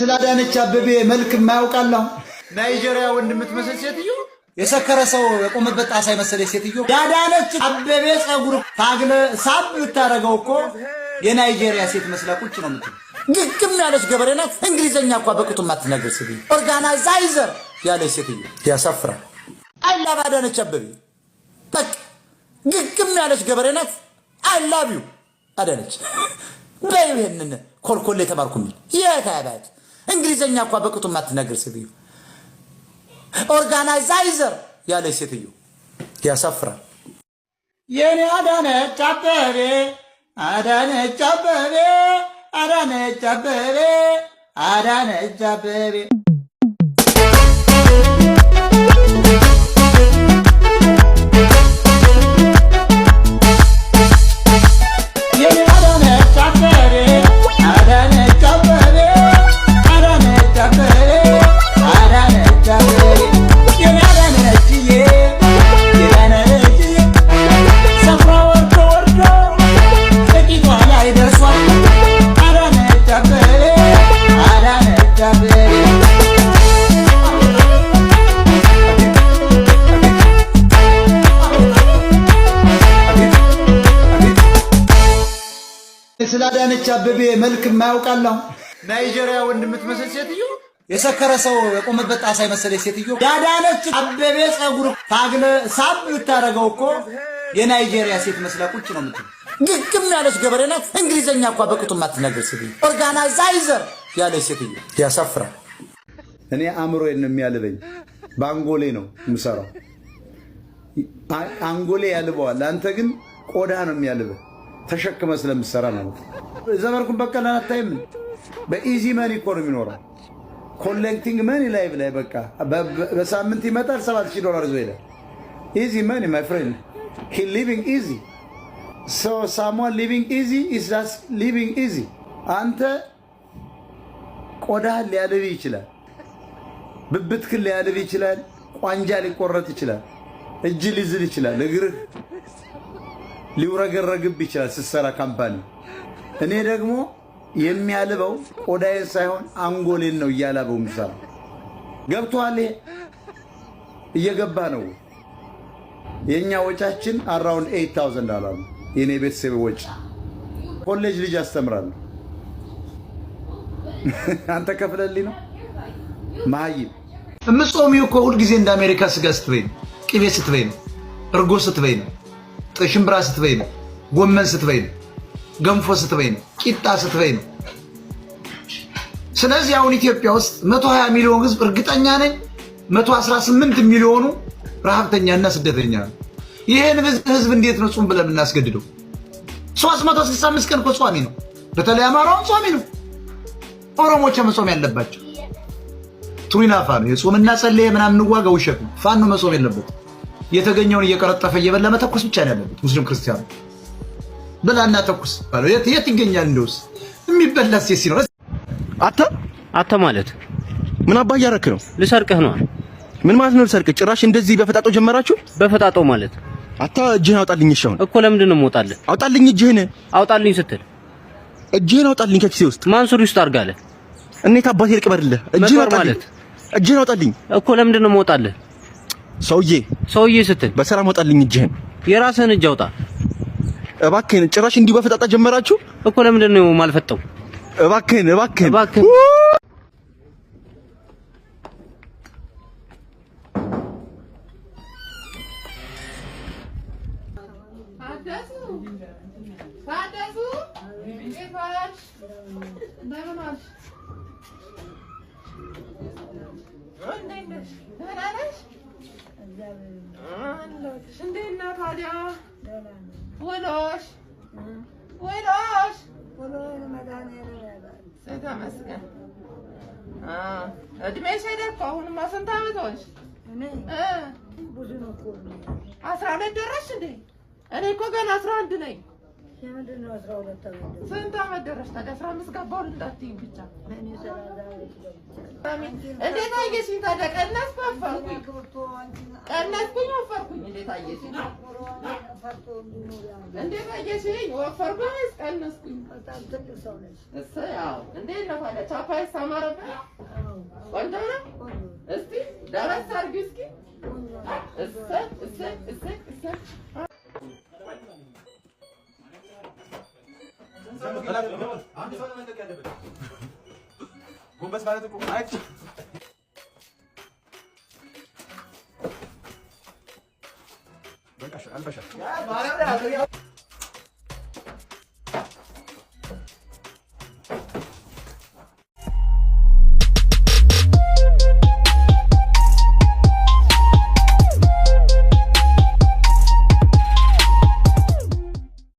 ስላዳነች አበቤ መልክ የማያውቃለሁ ናይጀሪያ ወንድ የምትመስል ሴትዮ የሰከረ ሰው የቆመበት ጣሳ የመሰለች ሴትዮ የአዳነች አበቤ ጸጉር ታግለ ሳብ ብታደረገው እኮ የናይጄሪያ ሴት መስላ ቁጭ ነው ምት ግግም ያለች ገበሬ ናት። እንግሊዝኛ እኳ በቅጡ ማትነግር ሴትዮ ኦርጋናይዛይዘር ያለች ሴትዮ ያሳፍራል። አይ አዳነች አበቤ በቃ ግግም ያለች ገበሬ ናት። አይ ዩ አዳነች በይሄንን ኮልኮል የተማርኩ ሚል የታያዳች እንግሊዘኛ እኳ በቅጡ የማትናገር ሴትዮ ኦርጋናይዛይዘር ያለ ሴትዮ ያሳፍራል። የኔ አዳነች አበቤ አዳነች አበቤ አዳነች አበቤ አዳነች አበቤ ስለ አዳነች አበቤ መልክ የማያውቃለሁ ናይጄሪያ ወንድ የምትመስል ሴትዮ የሰከረ ሰው የቆመበት ጣሳ የመሰለች ሴትዮ የአዳነች አበቤ ጸጉር ታግለ ሳብ ብታደረገው እኮ የናይጄሪያ ሴት መስለ ቁጭ ነው ምትል። ግግም ያለች ገበሬ ናት። እንግሊዝኛ እኳ በቅጡ ማትናገር ሴትዮ ኦርጋናይዘር ያለች ሴትዮ ያሳፍራል። እኔ አእምሮዬን ነው የሚያልበኝ። በአንጎሌ ነው የምሰራው። አንጎሌ ያልበዋል። አንተ ግን ቆዳ ነው የሚያልበህ። ተሸክመ ስለምሰራ ነው። ዘመርኩን በቀል አታይም። በኢዚ መኒ እኮ ነው የሚኖረው። ኮሌክቲንግ መኒ ላይ ላይ በቃ በሳምንት ይመጣል። ሰባት ሺህ ዶላር ይዞ ሄዳል። ኢዚ መኒ ማይ ፍሬንድ ሂ ሊቪንግ ኢዚ ሶ ሳምዋን ሊቪንግ ኢዚ ኢዝ ጃስት ሊቪንግ ኢዚ። አንተ ቆዳህን ሊያልብህ ይችላል፣ ብብትክን ሊያልብህ ይችላል፣ ቋንጃ ሊቆረጥ ይችላል፣ እጅ ሊዝል ይችላል፣ እግርህ ሊውረገረግብ ይችላል ስትሰራ ካምፓኒ። እኔ ደግሞ የሚያልበው ቆዳዬን ሳይሆን አንጎሌን ነው እያላበው የሚሰራ ገብቶሃል? እየገባ ነው። የእኛ ወጫችን አራውንድ ኤይት ታውዘንድ አላሉ። የኔ ቤተሰብ ወጪ ኮሌጅ ልጅ አስተምራለሁ። አንተ ከፍለልኝ ነው መሀይም እምጾሚው እኮ ሁልጊዜ እንደ አሜሪካ ስጋ ስትበይ ነው፣ ቅቤ ስትበይ ነው፣ እርጎ ስትበይ ነው። ሽምብራ ስትበይ ነው፣ ጎመን ስትበይ ነው፣ ገንፎ ስትበይ ነው፣ ቂጣ ስትበይ ነው። ስለዚህ አሁን ኢትዮጵያ ውስጥ 120 ሚሊዮን ህዝብ እርግጠኛ ነኝ 118 ሚሊዮኑ ረሃብተኛና ስደተኛ ነው። ይህን ህዝብ እንዴት ነው ጾም ብለን እናስገድደው? 365 ቀን እኮ ጿሚ ነው። በተለይ አማራውን ጿሚ ነው። ኦሮሞች መጾም ያለባቸው ቱሪናፋ ነው። የጾምና ጸለየ ምናምን ዋጋ ውሸት ነው። ፋኖ መጾም የለበትም። የተገኘውን እየቀረጠፈ እየበላ መተኮስ ብቻ ነው ያለበት። ሙስሊም ክርስቲያኑ በላና ተኩስ ባለው የት የት ይገኛል? እንደውስ የሚበላ ሴት ሲኖር አተ አተ ማለት ምን አባ እያረክ ነው? ልሰርቅህ ነው። ምን ማለት ነው ልሰርቅህ? ጭራሽ እንደዚህ በፈጣጦ ጀመራችሁ? በፈጣጦ ማለት አተ እጅህን አውጣልኝ። እሺ አሁን እኮ ለምንድን ነው የምወጣልህ? አውጣልኝ፣ እጅህን አውጣልኝ ስትል እጅህን አውጣልኝ ከኪሴ ውስጥ ማንሱሪ ውስጥ አድርጋለህ። እኔ ታባቴ ልቅበርልህ። እጅህን አውጣልኝ፣ እጅህን አውጣልኝ እኮ ለምንድን ነው የምወጣልህ? ሰውዬ ሰውዬ ስትል በሰላም ወጣልኝ። እጅህን የራስህን እጅ አውጣ እባክህን። ጭራሽ እንዲሁ በፈጣጣ ጀመራችሁ እኮ። ለምንድን ነው የማልፈጠው? እባክህን እባክህን እባክህን እንዴት ነው ታዲያ ውሎሽ? ውሎሽ ተመስገን። እድሜሽ ሄደ እኮ አሁንማ ስንት ዓመቶሽ? አስራ ሁለት ደረስሽ እንዴ? እኔ እኮ ገና አስራ አንድ ነኝ። ስንት ዓመት ደረሽ ታዲያ? አስራ አምስት ገባሁ እንዳትዪኝ ብቻ። እንዴት አየሽኝ ታዲያ? ቀነስኩ ቀነስኩኝ አፈርኩኝ። እንዴት አየሽኝ? ወፈርኩኝ ቀነስኩኝ? እሰይ አዎ። እስኪ ደረስ አድርጊው እስኪ አንድ ሰው መልቀቅ ያለበት ጎንበስ ማለት እኮ አይች በቃ አልበሻል